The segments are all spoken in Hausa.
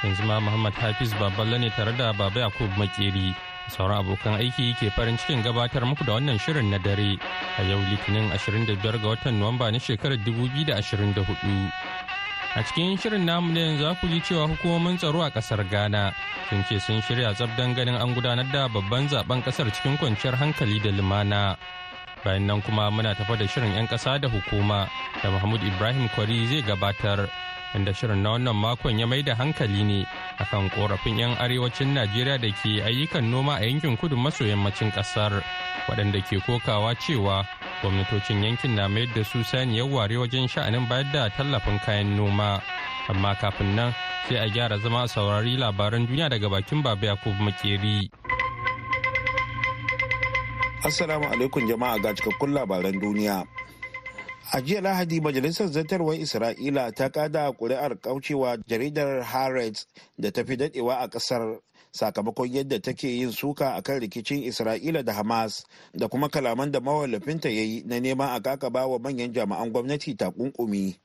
yanzu ma Muhammad Hafiz Baballe ne tare da Baba Yakub Makeri. Sauran abokan aiki ke farin cikin gabatar muku da wannan shirin na dare a yau Litinin 25 ga watan Nuwamba na shekarar 2024. A cikin shirin namu na yanzu ku ji cewa hukumomin tsaro a kasar Ghana sun ce sun shirya tsabdan ganin an gudanar da babban zaben kasar cikin kwanciyar hankali da lumana. Bayan nan kuma muna tafa da shirin 'yan ƙasa da hukuma da Mahmud Ibrahim Kwari zai gabatar inda shirin na wannan makon ya mai da hankali ne akan korafin 'yan arewacin najeriya da ke ayyukan noma a yankin kudu maso yammacin kasar waɗanda ke kokawa cewa gwamnatocin yankin na mayar da su saniyar ware wajen sha'anin bayar da tallafin kayan noma amma kafin nan sai a gyara zama saurari labaran duniya daga bakin baba yakub makeri assalamu alaikum jama'a ga cikakkun labaran duniya a jiya lahadi majalisar zartarwar isra'ila ta kada kuri'ar kaucewa jaridar harrods da ta fi dadewa a kasar sakamakon yadda take yin suka akan rikicin isra'ila da hamas da kuma kalaman da mawallafinta ya yi na neman a kakaba wa manyan jami'an gwamnati ta kunkumi.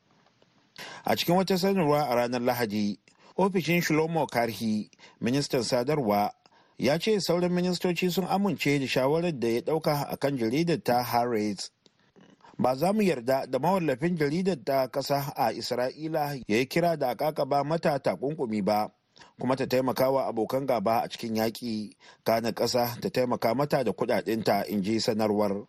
a cikin wata sanarwa a ranar lahadi ofishin shlomo karhi ministan sadarwa ya ce sauran ministoci sun amince da shawarar da ya dauka akan jaridar ta harrods ba za mu yarda da mawallafin jaridar ta ƙasa a isra'ila ya yi kira da ba mata takunkumi ba kuma ta taimaka wa abokan gaba a cikin yaƙi kana ƙasa ta taimaka mata da kuɗaɗinta in ji sanarwar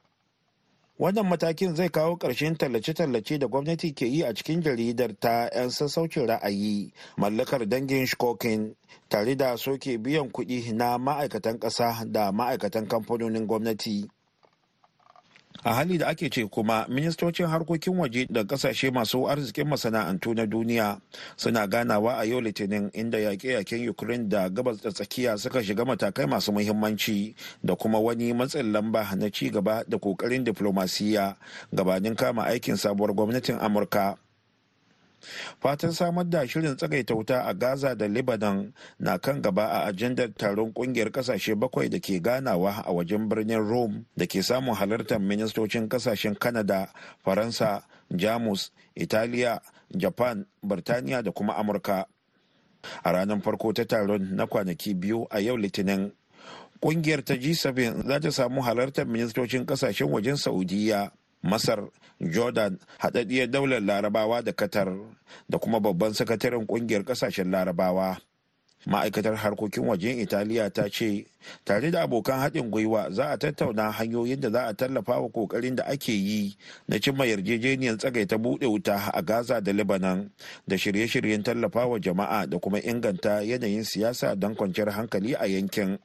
wannan matakin zai kawo ƙarshen tallace-tallace da gwamnati ke yi a cikin jaridar ta 'yan sassaucin ra'ayi mallakar dangin shkokin tare da soke biyan kuɗi na ma'aikatan ƙasa da ma'aikatan kamfanonin gwamnati a hali da ake ce kuma ministocin harkokin waje da kasashe masu arzikin masana'antu na duniya suna ganawa a yau litinin inda yaƙe-yaƙen ukraine da gabas da tsakiya suka shiga matakai masu muhimmanci da kuma wani matsin lamba na ci gaba da ƙoƙarin diflomasiyya gabanin kama aikin sabuwar gwamnatin amurka fatan samar da shirin tsagaita wuta a gaza da lebanon na kan gaba a ajandar taron kungiyar kasashe bakwai da ke ganawa a wajen birnin rome da ke samun halartar ministocin kasashen kanada faransa jamus italiya japan birtaniya da kuma amurka a ranar farko ta taron na kwanaki biyu a yau litinin kungiyar ta g7 za ta samu halartar ministocin kasashen wajen saudiya masar jordan haɗaɗɗiyar daular larabawa da qatar da kuma babban sakataren kungiyar ƙasashen larabawa ma'aikatar harkokin wajen italiya ta ce tare da abokan haɗin gwiwa za a tattauna hanyoyin da za a tallafa wa ƙoƙarin da ake yi na cimma yarjejeniyar tsagaita buɗe wuta a gaza da lebanon da shirye-shiryen tallafa wa jama'a da kuma inganta yanayin siyasa don kwanciyar hankali a yankin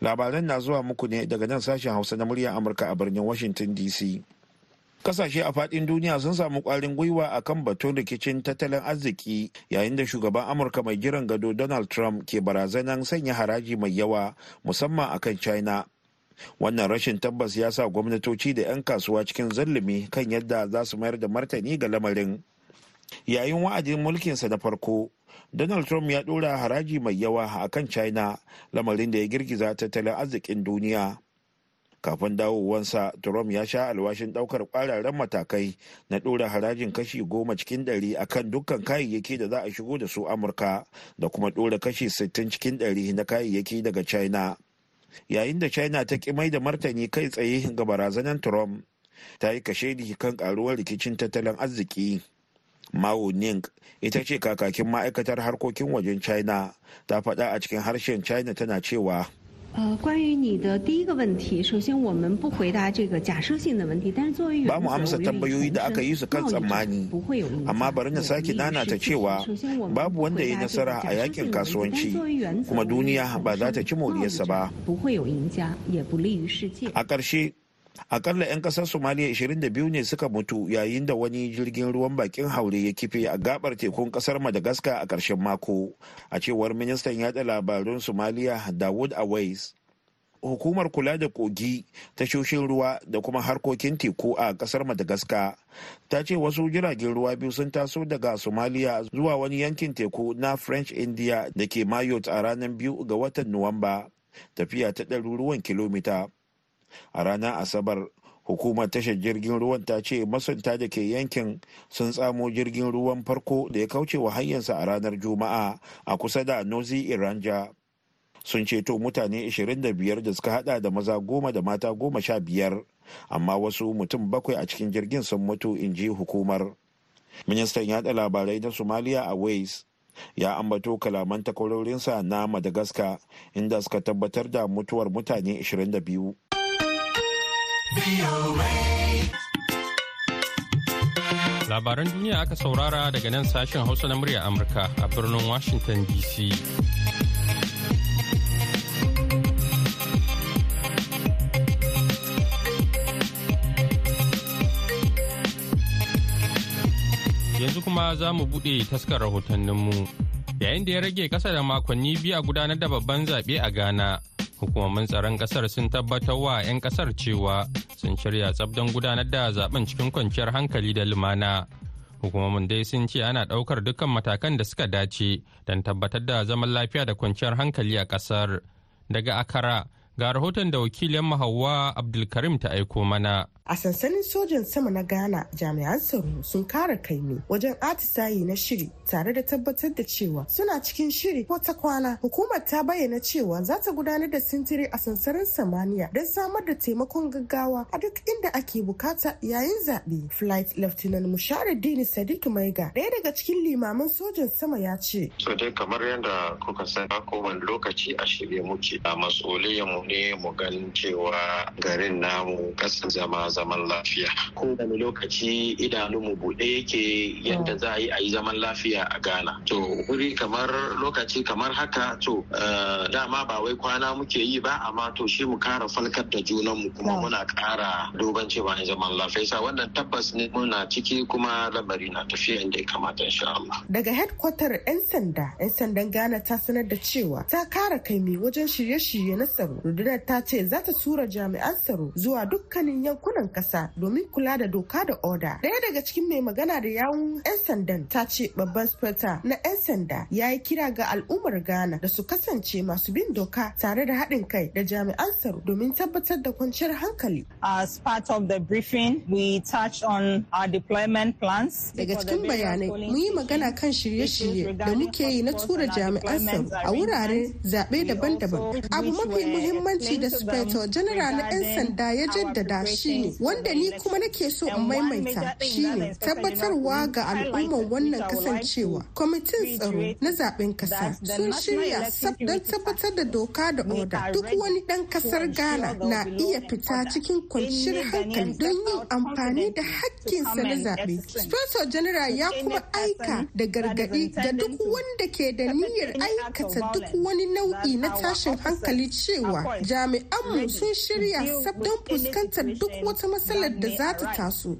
labaran na zuwa muku ne daga nan sashen hausa na muryar amurka a birnin washington dc kasashe a fadin duniya sun samu kwarin gwiwa a kan batun rikicin tattalin arziki yayin da shugaban amurka mai jiran gado donald trump ke barazanan sanya haraji mai yawa musamman a kan china wannan rashin tabbas ya sa gwamnatoci da 'yan kasuwa cikin zallumi kan yadda za su mayar da martani ga lamarin yayin wa'adin mulkinsa na farko donald trump ya ɗora haraji mai yawa a kan china lamarin da ya girgiza tattalin arzikin duniya kafin dawowansa trump ya sha alwashin daukar kwararren matakai na dora harajin kashi goma cikin ɗari kan dukkan kayayyaki da za a shigo da su amurka da kuma dora kashi 60 cikin ɗari na kayayyaki daga china yayin da china ta ki mai da martani kai tsaye ga barazanar trump ta yi kashe kan karuwar rikicin tattalin arziki mao ning ita ce kakakin ma'aikatar harkokin wajen china ta faɗa a cikin harshen china tana cewa amsa da aka yi su kan amma bari na sake nanata cewa babu wanda ya yi nasara a yakin kasuwanci kuma duniya ba za ta ci moriyarsa ba. A ƙarshe akalla 'yan kasar somaliya 22 ne suka mutu yayin da wani jirgin ruwan bakin haure ya kife a gabar tekun kasar madagascar a ƙarshen mako a cewar ministan yada labarun somaliya dawood awais hukumar kula da kogi tashoshin ruwa da kuma harkokin teku a kasar madagascar ta ce wasu jiragen ruwa biyu sun taso daga somaliya zuwa wani yankin teku na french india da ke mayot a ranar biyu ga watan nuwamba tafiya ta ɗaruruwan kilomita a ranar asabar hukumar tashar jirgin ruwan ta ce masunta da ke yankin sun tsamo jirgin ruwan farko da ya kauce wa hanyarsa a ranar juma'a a kusa da nozi iranja sun ceto mutane 25 da suka hada da maza goma da mata goma sha biyar amma wasu mutum bakwai a cikin jirgin sun mutu in ji hukumar ministan yada labarai na somaliya a wales ya ambato kalaman takwarorinsa na madagascar inda suka tabbatar da mutuwar mutane 22 Labaran duniya aka saurara daga nan sashen Hausa na murya Amurka a birnin Washington DC. Yanzu kuma za mu buɗe taskar rahotanninmu. Yayin da ya rage ƙasa da makonni biyu a gudanar da babban zaɓe a Ghana. hukumomin tsaron kasar sun tabbatar wa 'yan kasar cewa sun shirya tsab don gudanar da zaben cikin kwanciyar hankali da lumana hukumomin dai sun ce ana ɗaukar dukkan matakan da suka dace don tabbatar da zaman lafiya da kwanciyar hankali a kasar daga akara Ga rahoton da wakilin Hauwa Abdulkarim ta aiko mana. A sansanin sojan sama na Ghana jami'an tsaro sun kara kai ne wajen atisayi na shiri tare da tabbatar da cewa suna cikin shiri ko ta kwana. Hukumar ta bayyana cewa za ta gudanar da sintiri a sansanin samaniya don samar da taimakon gaggawa a duk inda ake bukata yayin zaɓe. Flight Lieutenant Dini Sadiq Maiga ɗaya daga cikin limaman sojan sama ya ce. So kamar yadda kuka sani kowane lokaci a shirye muke a mas'uliyan ne mu gan cewa garin namu kasan zama zaman lafiya ko lokaci idanunmu buɗe yake yadda za a yi a yi zaman lafiya a ghana to wuri kamar lokaci kamar haka to eh, dama ba wai kwana muke yi ba amma to shi mu kara falkar da junanmu kuma muna kara dogon cewa ne zaman lafiya wannan tabbas ne muna ciki kuma labari na tafiya inda ya kamata insha Allah daga headquarter 'yan sanda 'yan sandan Ghana ta sanar da cewa ta kara kai mai wajen shirye-shirye na tsaro rundunar ta ce za ta tura jami'an tsaro zuwa dukkanin yankunan kasa domin kula da doka da oda daya daga cikin mai magana da yawun 'yan sandan ta ce babban speta na 'yan sanda ya yi kira ga al'ummar ghana da su kasance masu bin doka tare da haɗin kai da jami'an tsaro domin tabbatar da kwanciyar hankali as part of the briefing we touch on our deployment plans daga cikin bayanai mun yi magana kan shirye-shirye da muke yi na tura jami'an tsaro a wuraren zaɓe daban-daban abu mafi muhimmanci muhimmanci da Spector General na 'yan sanda ya jaddada shi ne wanda ni kuma nake so in maimaita shine tabbatarwa ga al'umman wannan kasancewa kwamitin tsaro na zaben kasa sun shirya sab don tabbatar da doka da oda duk wani dan kasar Ghana na iya fita cikin kwanciyar hankali don yin amfani da hakkinsa na zaɓe. Spector General ya kuma aika da gargaɗi ga duk wanda ke da niyyar aikata duk wani nau'i na tashin hankali cewa jami'anmu sun shirya sab fuskantar duk wata matsalar da za ta taso.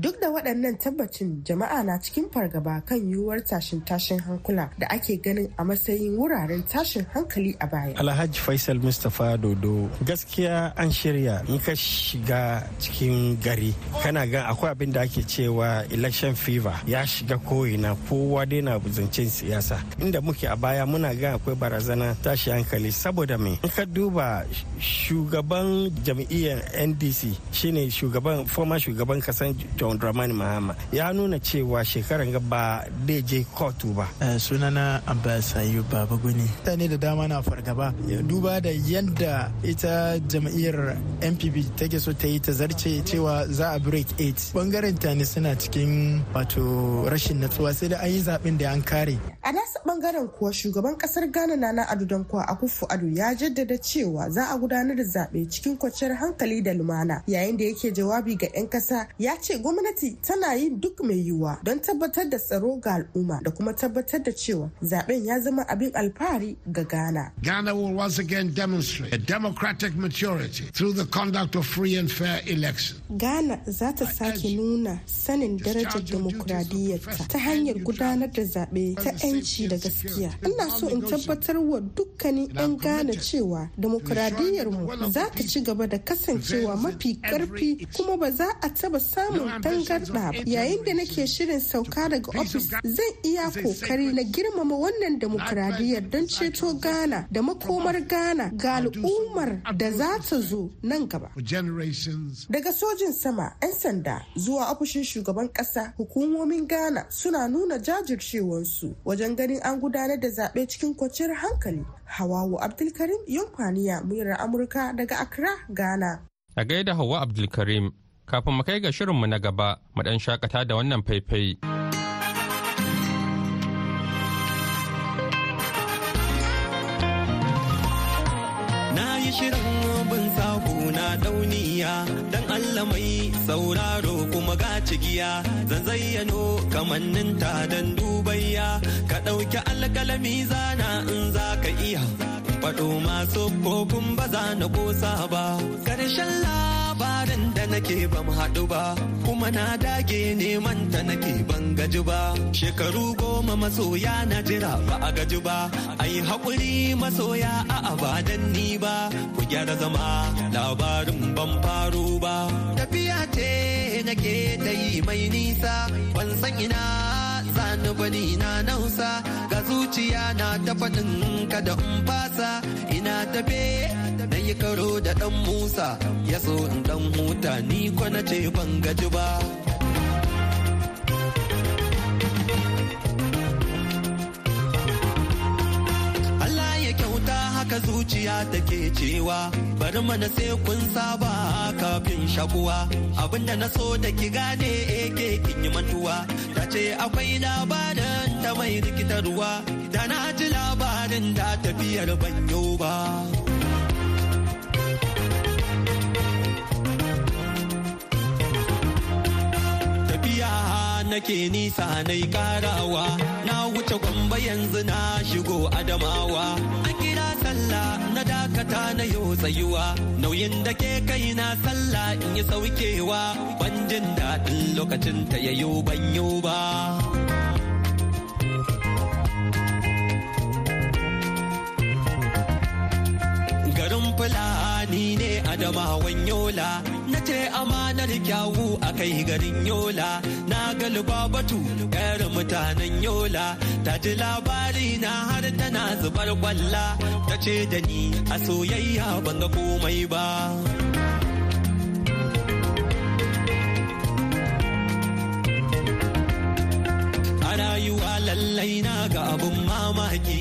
Duk da waɗannan tabbacin jama'a na cikin fargaba kan yiwuwar tashin tashin hankula da ake ganin a matsayin wuraren tashin hankali a baya. Alhaji Faisal Mustapha Dodo gaskiya an shirya in ka shiga cikin gari kana gan akwai abin da ake cewa election fever ya shiga ko'ina kowa dai na zancen siyasa inda muke a baya muna ga akwai barazana tashi hankali saboda mai in duba shugaban jam'iyyar ndc shine shugaban former shugaban kasan john dramani mahama ya nuna cewa shekarar ba dai je kotu ba eh, sunana abbas ayub baba guni mutane da dama na fargaba duba da yadda ita jam'iyyar npp take so ta yi ta zarce cewa za a break 8 bangaren ne suna cikin wato rashin natsuwa sai da an yi zaɓen da an kare a nasa bangaren kuwa shugaban kasar Ghana Nana Ado Dankwa Akufo Ado ya jaddada cewa za a gudanar da zaɓe cikin kwanciyar hankali da lumana. Yayin da yake jawabi ga 'yan ƙasa ya ce gwamnati tana yin duk mai yiwuwa don tabbatar da tsaro ga al'umma da kuma tabbatar da cewa zaben ya zama abin alfahari ga Ghana. Ghana will once again demonstrate a democratic maturity through the conduct of free and fair elections. Ghana za ta sake nuna sanin darajar demokradiyyarta ta hanyar gudanar da zaɓe ta 'yanci da gaskiya ina so in tabbatar wa dukkanin 'yan gane cewa mu za ta ci gaba da kasancewa mafi karfi kuma ba za a taba samun tangarɗa yayin da nake shirin sauka daga ofis zan iya kokari na girmama wannan demokradiyyar don ceto gana da makomar gana ga al'ummar da za ta zo nan gaba daga sojin sama 'yan sanda zuwa ofishin shugaban ƙasa hukumomin gana suna nuna jajircewarsu wajen ganin an gudanar da zaɓe cikin kwanciyar hankali. Hawawu Abdulkarim Yunfaniya muryar Amurka daga Accra, Ghana. A gaida Hawwa Abdulkarim, kafin mu kai ga shirinmu na gaba, mu ɗan shakata da wannan faifai. na dauniya dan Allah mai sauraro kuma ga cigiya zayyano kamannin ta dan dubayya ka ɗauki alƙalami zana in za ka iya faɗo masu kofin ba za na ƙosa ba ƙarshen labarin da nake ban haɗu ba kuma na dage neman ta nake ban gaji ba shekaru goma masoya na jira ba a gaji ba ai haƙuri masoya a abadan ni ba ku gyara zama labarin ban faru ba tafiya ce nake ta yi mai nisa ban san ina zani ni ina nausa ga zuciya na ta faɗin kada in fasa ina tafe na yi karo da ɗan musa ya so in ɗan huta ni ko na ce ban gaji ba. haka zuciya take cewa bari mana sai kun saba kafin shakuwa abinda na so da ki gane ake kin yi mantuwa ta ce akwai labarin ta mai rikitarwa da na ji labarin da tafiyar ban ba nake nisa na ƙarawa na wuce gwamba yanzu na shigo adamawa ake dakata na yau tsayuwa nauyin da ke kai na sallah in yi saukewa ban jin daɗin lokacin ta yayo ban yau ba. garin fulawa mahawan yola na ce amanar kyawu a kai garin yola na galiba batu yar mutanen yola ta ji labari na har tana zubar kwalla ta ce da ni a soyayya ban ga komai ba rayuwa lallai na ga abun mamaki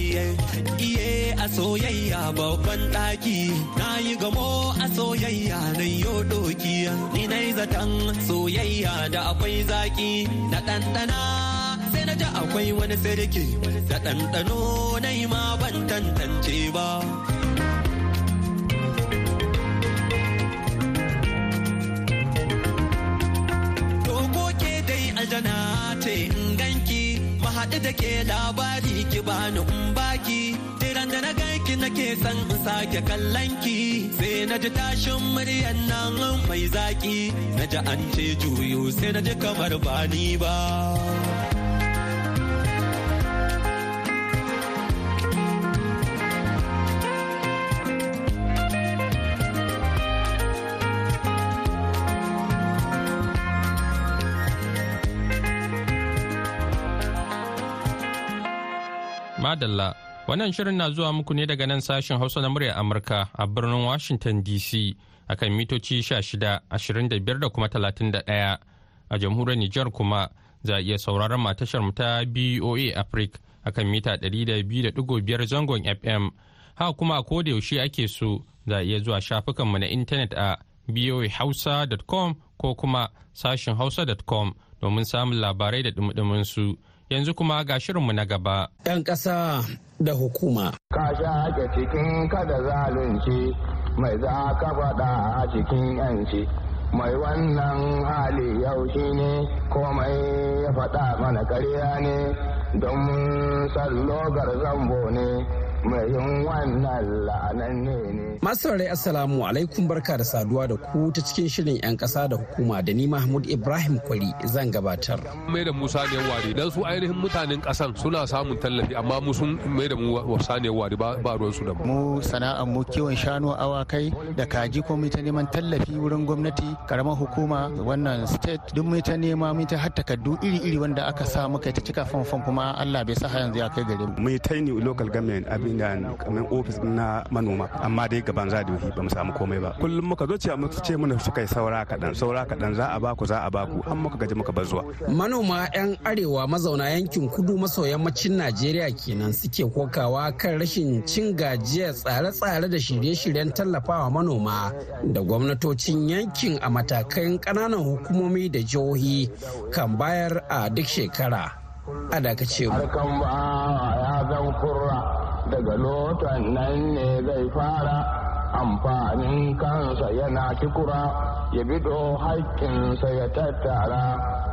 iye a soyayya babban ɗaki na yi gamo a soyayya na yo doki ni na zaton soyayya da akwai zaki na ɗanɗana sai na ji akwai wani sarki da ɗanɗano na yi ma ban tantance ba haɗu da ke labari ki bani in baki tiran da na ganki nake san in sake kallon ki sai na ji tashin muryar nan mai zaki na ji an ce juyo sai na ji kamar bani ba Madalla, wannan shirin na zuwa muku ne daga nan sashen Hausa na muryar Amurka a birnin Washington DC akan mitoci 16, 25 da kuma 31. A jamhuriyar Nijar kuma za a iya sauraron matashar mu ta BOA Africa akan mita 200.5 zangon FM. Ha kuma a koda yaushe ake so za a iya zuwa shafukanmu na intanet a boahausa.com ko kuma sashen hausa.com domin samun labarai da dumudumin su. Yanzu kuma ga shirinmu na gaba. 'Yan ƙasa da hukuma. Ka sha cikin kada zalunci mai za ka faɗa a cikin 'yanci. Mai wannan hali yau shi ne komai ya faɗa mana karya ne don sallogar zambo ne. Masu saurari Assalamu alaikum barka da saduwa da ku ta cikin shirin 'yan ƙasa da hukuma da ni Mahmud Ibrahim Kwari zan gabatar. Mai da Musa ne wari dan su ainihin mutanen ƙasan suna samun tallafi amma mu sun mai da mu wasa ne wari ba ruwan su da mu. Mu sana'ar mu kiwon shanu awakai da kaji ko mita neman tallafi wurin gwamnati karamar hukuma wannan state duk mita nema mita har takardu iri-iri wanda aka sa muka ta cika fanfan kuma Allah bai sa yanzu ya kai gare mu. Mu ta local government abin kamar ofis na manoma amma dai gaban radiyohi ba mu samu komai ba kullum muka zo cewa muka ce muna suka yi saura kaɗan saura kaɗan za a baku za a baku an muka gaji muka bar zuwa. manoma 'yan arewa mazauna yankin kudu maso yammacin najeriya kenan suke kokawa kan rashin cin gajiya tsare-tsare da shirye-shiryen tallafawa manoma da gwamnatocin yankin a matakan ƙananan hukumomi da jihohi kan bayar a duk shekara. a dakace mu. ya daga lotan nan ne zai fara amfanin kansa yana kikura ya bido haƙƙinsa ya tattara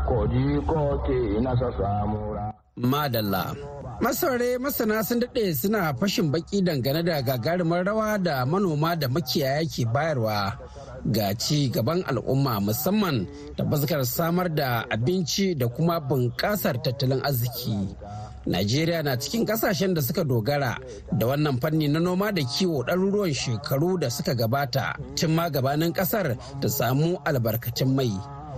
koji ko ke nasa samura. Madalla. Masaure masana sun daɗe suna fashin baƙi dangane da gagarumar rawa da manoma da makiyaya ke bayarwa ga ci gaban al'umma musamman da bazkar samar da abinci da kuma bunƙasar tattalin arziki. Najeriya na cikin kasashen da suka dogara da wannan fanni na noma da kiwo ɗaruruwan shekaru da suka gabata tun ma gabanin ƙasar ta samu albarkacin mai.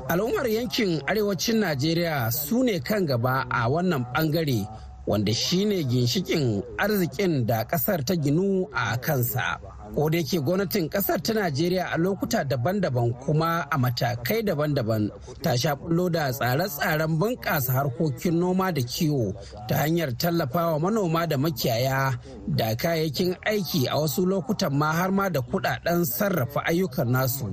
Al'ummar yankin arewacin Najeriya su ne kan gaba a wannan ɓangare wanda shine ginshikin arzikin da ƙasar ta ginu a kansa. ko da yake gwamnatin kasar ta najeriya a lokuta daban-daban kuma a matakai daban-daban ta sha bullo da tsare-tsaren bunƙasa harkokin noma da kiwo ta hanyar tallafawa manoma da makiyaya da kayayyakin aiki a wasu lokutan ma har ma da kudaden sarrafa ayyukan nasu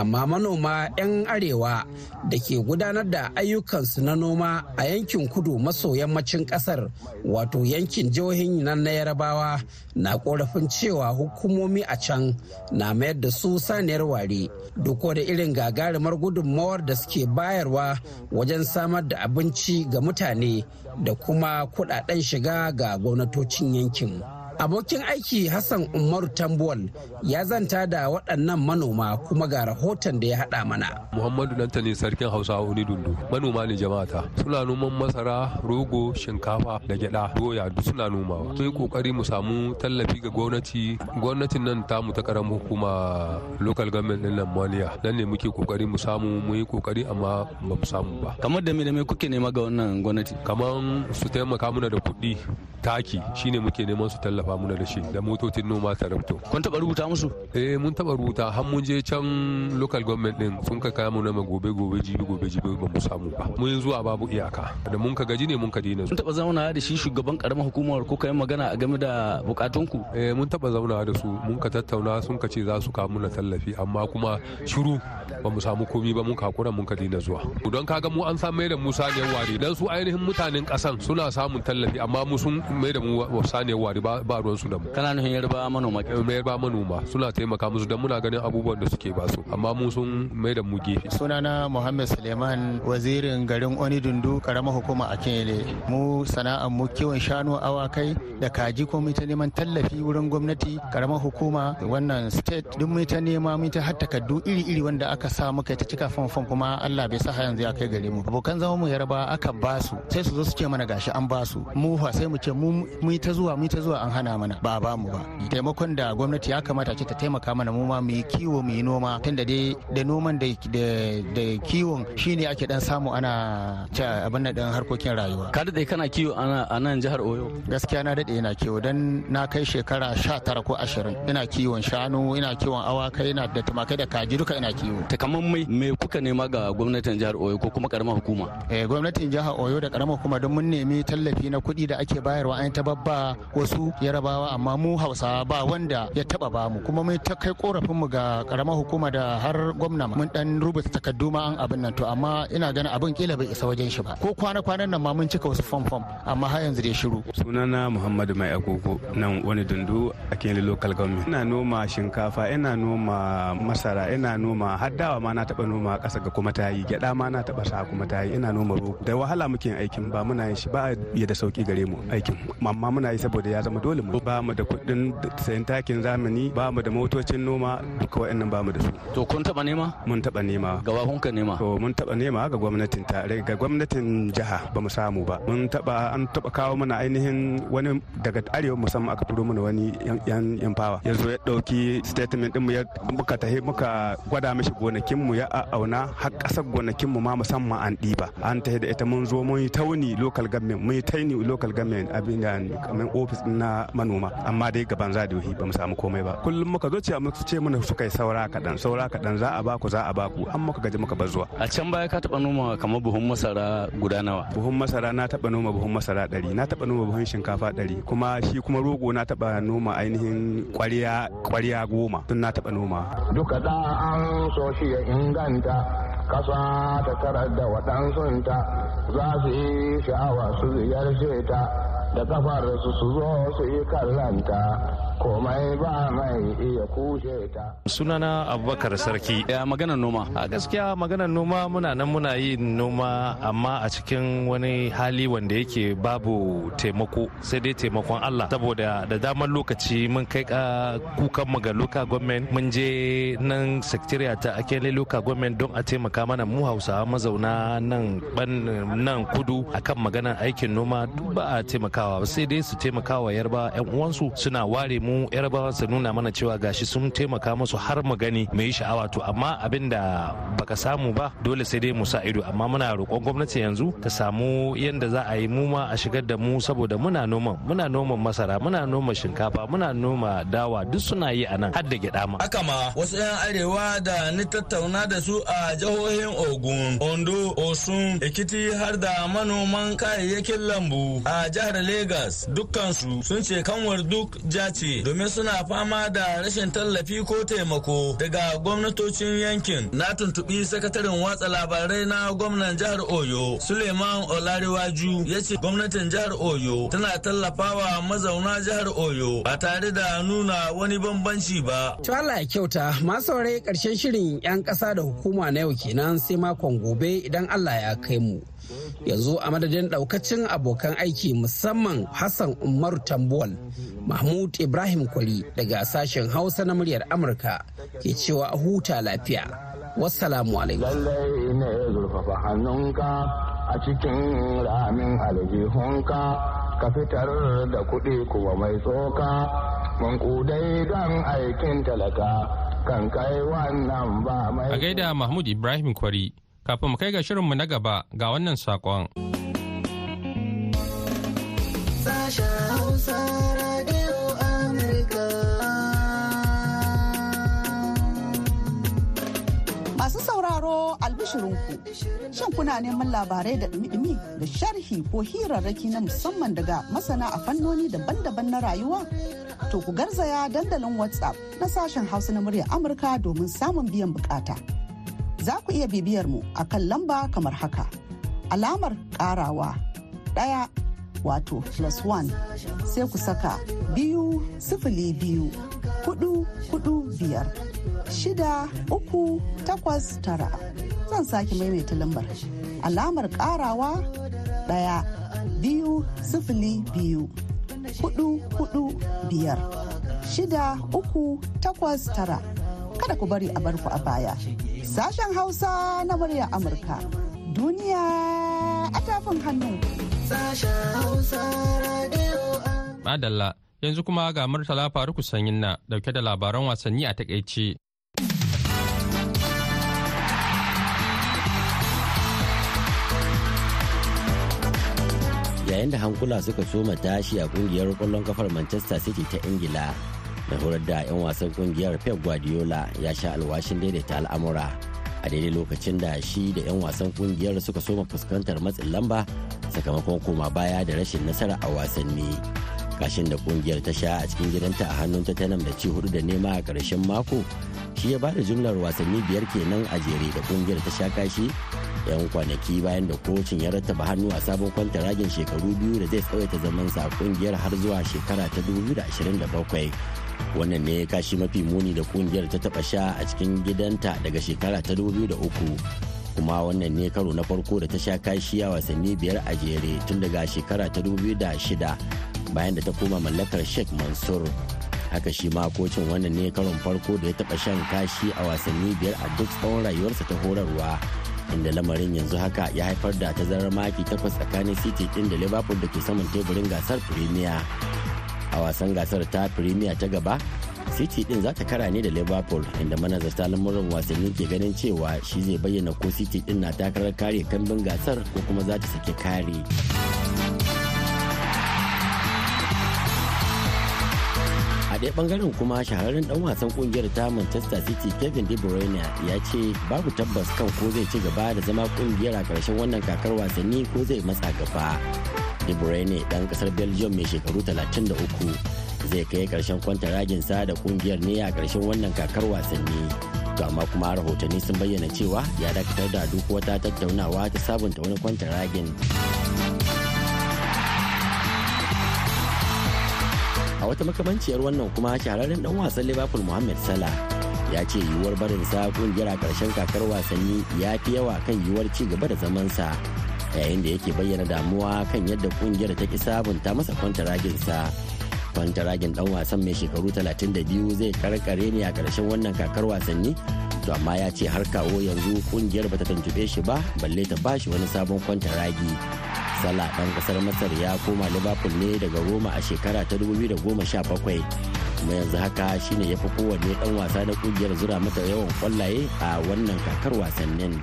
amma manoma 'yan arewa da ke gudanar da ayyukansu na noma a yankin kudu maso yammacin kasar wato yankin jihohin nan na yarabawa na korafin cewa hukumomi komi a can na mayar da su saniyar ware duk da irin gagarumar gudunmawar da suke bayarwa wajen samar da abinci ga mutane da kuma kudaden shiga ga gwamnatocin yankin. Abokin aiki Hassan Umaru Tambuwal ya zanta da waɗannan manoma kuma ga rahoton da ya haɗa mana. Muhammadu Danta ne sarkin Hausa wani dundu. Manoma ne jama'ata. Suna noman masara, rogo, shinkafa da gyaɗa, doya duk suna nomawa. Mun yi kokari mu samu tallafi ga gwamnati. Gwamnatin nan ta mu ta karamin hukuma local government din nan Maliya. Nan ne muke kokari mu samu mu yi kokari amma ba mu samu ba. Kamar da me da me kuke nema ga wannan gwamnati? Kamar su taimaka mana da kuɗi taki shine muke neman su tallafa. tallafa mu da shi da motocin noma rabto. Kun taɓa rubuta musu? Eh mun taɓa rubuta har mun je can local government din sun ka kaya mu na gobe gobe jibi gobe jibi ba mu samu ba. Mun zuwa babu iyaka da mun ka gaji ne mun ka dina. Mun taɓa zauna da shi shugaban karamar hukumar ko kai magana a game da bukatunku? Eh mun taɓa zauna da su mun ka tattauna sun ka ce za su kawo muna tallafi amma kuma shiru ba mu samu komi ba mun kakura mun ka dina zuwa. Don kaga mu an samu da Musa ne wari dan su ainihin mutanen kasan suna samun tallafi amma mu sun mai da mu saniyar wari ba ba ruwan su da mu kana nufin yarba manoma yarba manoma suna taimaka musu don muna ganin abubuwan da suke basu amma mu sun mai da mu gefe sunana muhammad suleiman wazirin garin oni dundu karamar hukuma a kele mu sana'ar mu kiwon shanu awakai da kaji ko mu ta neman tallafi wurin gwamnati karamar hukuma wannan state duk mu ta nema mu ta har takardu iri-iri wanda aka sa muka ta cika fanfan kuma Allah bai sa yanzu ya kai gare mu abokan zama mu yarba aka su sai su zo su ce mana gashi an su mu fa sai mu ce mu ta zuwa mu ta zuwa an hana hana mana ba ba mu ba taimakon da gwamnati ya kamata ce ta taimaka mana mu ma mu yi kiwo mu yi noma tunda dai da noman da da kiwon shine ake dan samu ana ci abin nan dan harkokin rayuwa ka dade kana kiwo ana a nan jihar Oyo gaskiya na dade ina kiwo dan na kai shekara 19 ko 20 ina kiwon shanu ina kiwon awakai ina da tumakai da kaji duka ina kiwo mai me kuka nema ga gwamnatin jihar Oyo ko kuma karamar hukuma eh gwamnatin jihar Oyo da karamar hukuma don mun nemi tallafi na kuɗi da ake bayarwa an ta babba wasu ya jarabawa amma mu hausawa ba wanda ya taba bamu kuma mun ta kai korafin mu ga karamar hukuma da har gwamna mun dan rubuta takardu ma an abin nan to amma ina ganin abin kila bai isa wajen shi ba ko kwana kwanan nan ma mun cika wasu fom fom amma har yanzu dai shiru sunana muhammadu mai agogo nan wani dundu a kele local government ina noma shinkafa ina noma masara ina noma har dawa ma na taba noma kasa ga kuma tayi gyada ma na taba sa kuma tayi ina noma rogo da wahala muke aikin ba muna yin shi ba ya da sauki gare mu aikin amma muna yi saboda ya zama dole dole mu ba mu da kuɗin sayan takin zamani ba mu da motocin noma duka wa'annan ba mu da su to kun taɓa nema mun taɓa nema gawa kun ka nema to mun taɓa nema ga gwamnatin tare eh, ga gwamnatin jiha ba mu samu ba mun taɓa an taɓa kawo mana ainihin wani daga arewa musamman aka turo mana wani yan yan fawa ya zo ya dauki statement ɗin mu ya muka tahi muka gwada mishi gonakin mu ya auna har kasar gonakin mu ma musamman an diba. an tahi da ita mun zo mun yi tauni local government mun yi tauni local government abin da kamar office na manoma amma dai gaban za da ba mu samu komai ba kullum muka zo cewa muka ce mana suka yi saura kaɗan saura kaɗan za a baku za a baku an muka gaji muka bar zuwa a can baya ka taɓa noma kamar buhun masara guda nawa buhun masara na taɓa noma buhun masara ɗari na taɓa noma buhun shinkafa ɗari kuma shi kuma rogo na taɓa noma ainihin ƙwariya ƙwariya goma tun na taɓa noma duka da an so shi ya inganta kasa ta tarar da waɗansunta za su yi sha'awa su ziyarce ta La acá su su y su komai ba mai iya kushe ta. Sunana Abubakar Sarki. Ya magana noma. A gaskiya maganar noma muna nan muna yi noma amma a cikin wani hali wanda yake babu taimako sai dai taimakon Allah saboda da damar lokaci mun kai ka kukan mu ga local government mun je nan secretariat ta akele local government don a taimaka mana mu Hausawa mazauna nan nan kudu akan maganar aikin noma duk ba a taimakawa sai dai su taimakawa yarba yan uwansu suna ware mu yarabawa su nuna mana cewa gashi sun taimaka musu har mu gani mu yi sha'awa to amma abin da baka samu ba dole sai dai mu sa ido amma muna roƙon gwamnati yanzu ta samu yanda za a yi mu ma a shigar da mu saboda muna noman muna noma masara muna noma shinkafa muna noma dawa duk suna yi a nan har da gyaɗa ma. Haka ma wasu 'yan arewa da ni tattauna da su a jihohin Ogun, Ondo, Osun, Ekiti har da manoman kayayyakin lambu a jihar Legas dukkansu sun ce kanwar duk jace. domin suna fama da rashin tallafi ko taimako daga gwamnatocin yankin na tuntubi sakataren watsa labarai na gwamnan jihar oyo suleiman olariwaju ya ce gwamnatin jihar oyo tana tallafawa mazauna jihar oyo ba tare da nuna wani bambanci ba to Allah ya kyauta saurayi karshen shirin yan kasa da hukuma na yau kenan sai makon gobe idan Allah ya kai mu yanzu a madadin daukacin abokan aiki musamman hassan umaru tambuwal mahmud ibrahim kwari daga sashen hausa na muryar amurka ke cewa a huta lafiya zurfafa alaikum a cikin ramin aljihunka ka fitar da kuɗi kuwa mai tsoka mankudai don aikin talaka kan kai wannan ba mai a gaida mahmud ibrahim kwari kafin mu kai ga shirinmu na gaba ga wannan sakon Masu sauraro albishirinku, shin kuna neman labarai da ɗumi-ɗumi da sharhi ko hirarraki na musamman daga masana a fannoni daban-daban na rayuwa? To ku garzaya dandalin WhatsApp na sashen Hausa na muryar Amurka domin samun biyan bukata. za ku iya bibiyar mu a kan lamba kamar haka. Alamar karawa ɗaya wato plus one sai ku saka biyu sifili biyu hudu hudu biyar shida uku takwas tara zan sake maimaita lambar alamar karawa ɗaya biyu sifili biyu hudu hudu biyar shida uku takwas tara kada ku bari a barku a baya. Sashen Hausa na murya Amurka. Duniya a tafin hannu. Sashen Hausa Madalla, yanzu kuma ga Murtala Faruku Sanyin na dauke da labaran wasanni a takaice. yayin da hankula suka soma tashi a kungiyar kwallon kafar manchester city ta ingila mai horar da 'yan wasan kungiyar pep guardiola ya sha alwashin daidaita al'amura a daidai lokacin da shi da 'yan wasan kungiyar suka soma fuskantar matsin lamba sakamakon koma baya da rashin nasara a wasanni kashin da kungiyar ta sha a cikin gidanta a hannun ta tanam da ci hudu da nema a karshen mako shi ya bada jumlar wasanni biyar kenan a jere da kungiyar ta sha kashi yan kwanaki bayan da kocin ya rattaba hannu a sabon ragin shekaru biyu da zai tsawaita zamansa a kungiyar har zuwa shekara ta 2027 wannan ne kashi mafi muni da kungiyar ta taba sha a cikin gidanta daga shekara ta 2003 kuma wannan ne karo na farko da ta sha kashi a wasanni biyar a jere tun daga shekara ta 2006 bayan da ta koma mallakar sheikh mansur haka shi ma kocin wannan ne karon farko da ya taba shan kashi a wasanni biyar a duk tsawon rayuwarsa ta horarwa inda lamarin yanzu haka ya haifar da tazarar maki takwas tsakanin city din da liverpool da ke saman teburin gasar premier a wasan gasar ta premier ta gaba city din za ta kara ne da liverpool inda manazarta lamurin wasanni ke ganin cewa shi zai bayyana ko city din na takarar kare kambin gasar ko kuma za ta sake kare a ɗaya ɓangaren kuma shahararren ɗan wasan ƙungiyar ta manchester city kevin de bruyne ya ce babu tabbas kan ko zai ci gaba da zama ƙungiyar a ƙarshen wannan kakar wasanni ko zai matsa gaba ne dan kasar belgium mai shekaru 33 zai kai karshen sa da kungiyar ne a karshen wannan kakar wasanni to amma kuma rahotanni sun bayyana cewa ya dakatar da duk wata tattaunawa ta sabunta wani ragin a wata makamanciyar wannan kuma shahararren dan wasan liverpool mohamed salah ya ce yiwuwar barinsa kungiyar a karshen kakar wasanni ya fi yawa kan yiwuwar ci gaba da zamansa yayin da yake bayyana damuwa kan yadda kungiyar ta ki sabunta masa kwantaraginsa kwantaragin dan wasan mai shekaru 32 zai karkare ne a karshen wannan kakar wasanni to amma ya ce har kawo yanzu kungiyar bata tuntube shi ba balle ta ba shi wani sabon kwantaragi sala dan kasar masar ya koma liverpool ne daga roma a shekara ta 2017 kuma yanzu haka shine ya fi kowanne dan wasa na kungiyar zura mata yawan kwallaye a wannan kakar wasannin.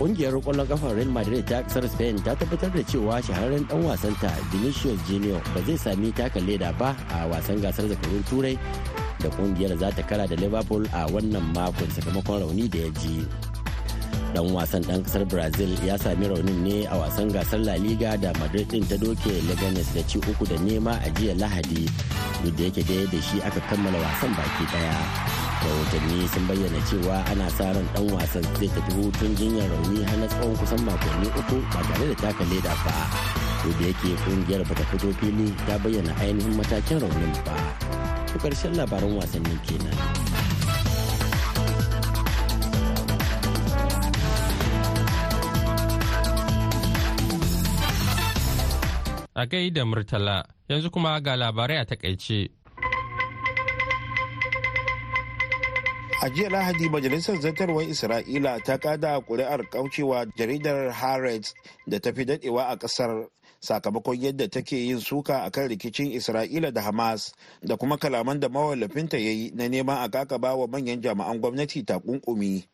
Kungiyar kwallon kafar Real Madrid ta kasar Spain ta tabbatar da cewa shahararren dan wasan ta Vinicius Junior ba zai sami taka leda ba a wasan gasar zakarun Turai da kungiyar za ta kara da Liverpool a wannan makon sakamakon rauni da ya ji. dan wasan dan kasar brazil ya sami raunin ne a wasan gasar la liga da madrid din ta doke leganes da ci uku da nema a jiya lahadi duk da yake da shi aka kammala wasan baki daya rahotanni sun bayyana cewa ana sa ran dan wasan zai tafi hutun jinyar rauni har na tsawon kusan makonni uku ba tare da taka leda ba ko da yake kungiyar bata fito fili ta bayyana ainihin matakin raunin ba to karshen labaran wasannin kenan a da murtala yanzu kuma ga labarai a takaice a jiya lahadi majalisar zartarwar isra'ila ta kada kuri'ar kaucewa jaridar haaretz da ta fi dadewa a kasar sakamakon yadda take yin suka akan rikicin isra'ila da hamas da kuma kalaman da mawallafinta ya yi na neman a kakaba wa manyan jami'an gwamnati ta takunkumi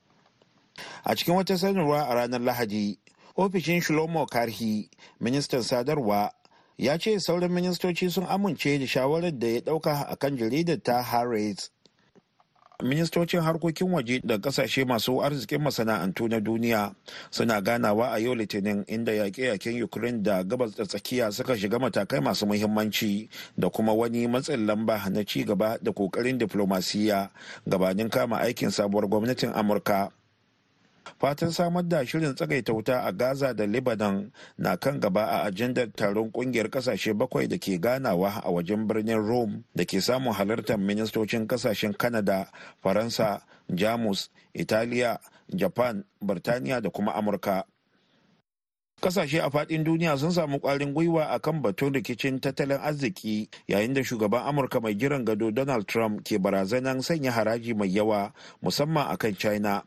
a cikin wata sanarwa a ranar lahadi ofishin shlomo karhi ministan sadarwa ya ce sauran ministoci sun amince da shawarar da ya dauka akan jaridar ta haaretz ministocin harkokin waje da kasashe masu arzikin masana'antu na duniya suna ganawa a yau litinin inda yaƙe-yaƙen ukraine da gabas da tsakiya suka shiga matakai masu muhimmanci da kuma wani matsin lamba na ci gaba da ƙoƙarin diflomasiyya gabanin kama aikin sabuwar gwamnatin amurka fatan samar da shirin tsagaita wuta a gaza da lebanon na kan gaba a ajandar taron kungiyar kasashe bakwai da ke ganawa a wajen birnin rome da ke samun halartar ministocin kasashen kanada faransa jamus italiya japan birtaniya da kuma amurka Kasashe a fadin duniya sun samu ƙwarin gwiwa a kan batun rikicin tattalin arziki yayin da shugaban Amurka mai jiran gado Donald Trump ke barazanan sanya haraji mai yawa musamman a kan China.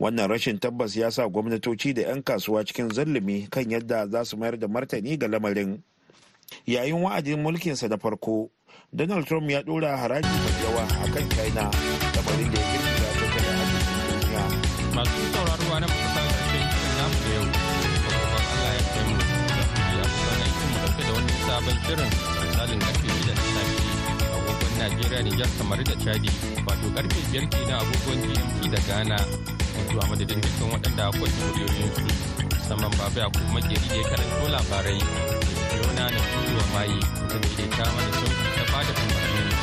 wannan rashin tabbas ya sa gwamnatoci da 'yan kasuwa cikin zallumi kan yadda za su mayar da martani ga lamarin yayin wa'adin mulkinsa na farko donald trump ya dora haraji mai yawa a kan china lamarin da ya girgiza tattalin arzikin duniya masu sauraro na kusa karshen shirin da yau sabon shirin misalin karfe da na agogon najeriya nijar samari da chadi wato karfe ke na agogon gmt da ghana yanzu a madadin dukkan waɗanda akwai su musamman babu ya kuma makeri da ya karanto labarai yana na turuwa mayi da ta mana sauki ta bada umarni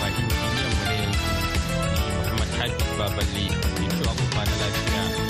bakin ba mu yanzu muhammad hafiz baballe ke cewa kuma na lafiya